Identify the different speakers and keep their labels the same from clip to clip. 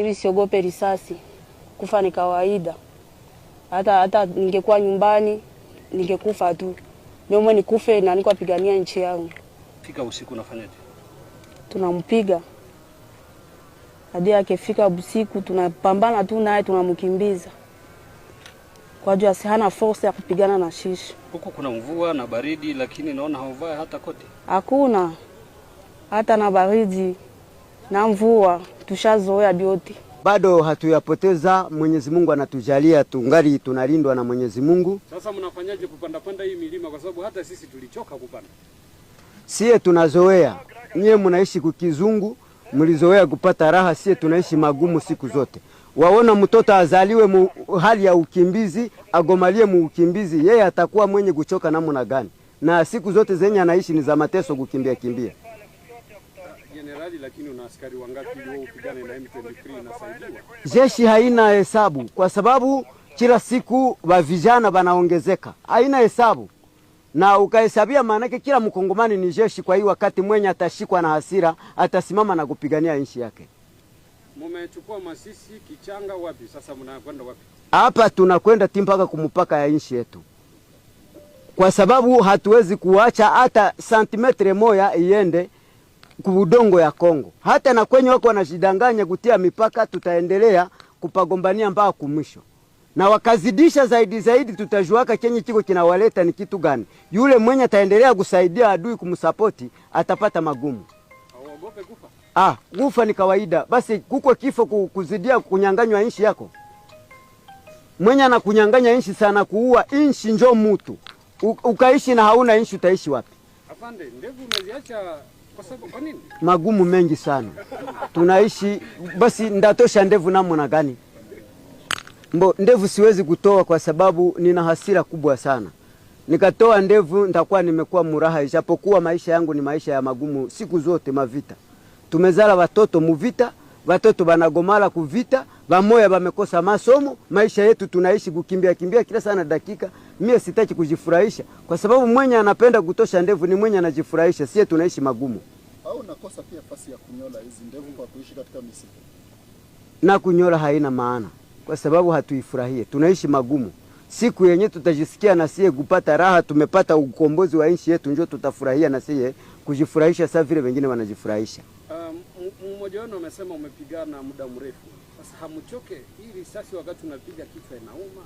Speaker 1: ili siogope risasi. Kufa ni kawaida, hata hata ningekuwa nyumbani ningekufa tu, niomwe nikufe na niko apigania nchi yangu.
Speaker 2: Fika usiku unafanyaje?
Speaker 1: Tunampiga hadi akifika usiku, tunapambana tu naye, tunamkimbiza kwa si hana force ya kupigana na shishi.
Speaker 2: Huko kuna mvua na baridi, lakini naona hauvaa hata koti.
Speaker 1: Hakuna hata na baridi na mvua tushazoea biote,
Speaker 3: bado hatuyapoteza. Mwenyezi Mungu anatujalia tungali tunalindwa na Mwenyezi Mungu.
Speaker 2: Sasa mnafanyaje kupanda panda hii milima, kwa sababu hata sisi tulichoka kupanda?
Speaker 3: Siye tunazoea, nyie mnaishi kukizungu, mlizoea kupata raha, siye tunaishi magumu siku zote. Waona mtoto azaliwe mu hali ya ukimbizi, agomalie mu ukimbizi, yeye atakuwa mwenye kuchoka namna gani? Na siku zote zenye anaishi ni za mateso, kukimbia kimbia
Speaker 2: serikali, lakini una askari wangapi wao upigane na M23 inasaidiwa?
Speaker 3: Jeshi haina hesabu kwa sababu kila siku wa vijana wanaongezeka, haina hesabu na ukahesabia, maanake kila mkongomani ni jeshi. Kwa hiyo wakati mwenye atashikwa na hasira atasimama na kupigania nchi yake.
Speaker 2: Mumechukua Masisi, Kichanga, wapi sasa? Mnakwenda wapi?
Speaker 3: Hapa tunakwenda ti mpaka kumupaka ya nchi yetu, kwa sababu hatuwezi kuacha hata santimetre moya iende kuudongo ya Kongo, hata na kwenye wako wanajidanganya kutia mipaka, tutaendelea kupagombania mpaka kumwisho na wakazidisha zaidi zaidi, tutajuaka chenye chiko kinawaleta ni kitu gani. Yule mwenye ataendelea kusaidia adui kumsapoti atapata magumu.
Speaker 2: Haogope kufa.
Speaker 3: Ah, kufa ni kawaida. Basi kuko kifo kuzidia kunyanganywa inshi yako. Mwenye anakunyanganya inshi sana kuua inshi njo mutu. U ukaishi na hauna inshi utaishi wapi?
Speaker 2: Afande, ndevu umeziacha
Speaker 3: magumu mengi sana tunaishi. Basi ndatosha ndevu namna gani? Mbo ndevu siwezi kutoa kwa sababu nina hasira kubwa sana. Nikatoa ndevu nitakuwa nimekuwa muraha, ijapokuwa maisha yangu ni maisha ya magumu siku zote, mavita. Tumezala watoto muvita watoto banagomala kuvita, bamoya bamekosa masomo. Maisha yetu tunaishi kukimbia kimbia kila sana dakika. Mie sitaki kujifurahisha, kwa sababu mwenye anapenda kutosha ndevu ni mwenye anajifurahisha. Sie tunaishi magumu
Speaker 2: au nakosa pia fasi ya kunyola hizi ndevu kwa kuishi katika misitu
Speaker 3: na kunyola haina maana, kwa sababu hatuifurahie. Tunaishi magumu. Siku yenye tutajisikia na sie kupata raha, tumepata ukombozi wa nchi yetu, njo tutafurahia na sie kujifurahisha saa vile wengine wanajifurahisha.
Speaker 2: Uh, mmoja wenu amesema umepigana muda mrefu sasa, hamchoke hii risasi, wakati unapiga kichwa inauma,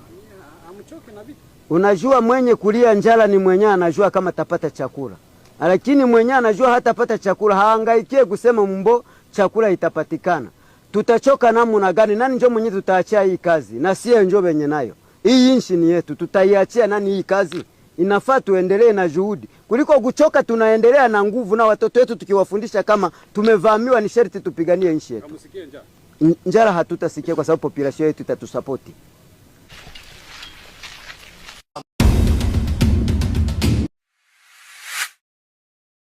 Speaker 2: hamchoke na vitu.
Speaker 3: Unajua mwenye kulia njala ni mwenye anajua kama tapata chakula, lakini mwenye anajua hatapata chakula haangaikie kusema mbo chakula itapatikana. Tutachoka namuna gani? Nani njo mwenye tutaachia hii kazi? Na sie njo wenye nayo hii nchi ni yetu, tutaiachia nani hii kazi? inafaa tuendelee na juhudi kuliko kuchoka. Tunaendelea na nguvu na watoto wetu tukiwafundisha kama tumevamiwa, ni sherti tupiganie nchi yetu. Njara hatutasikia kwa sababu population yetu itatusapoti.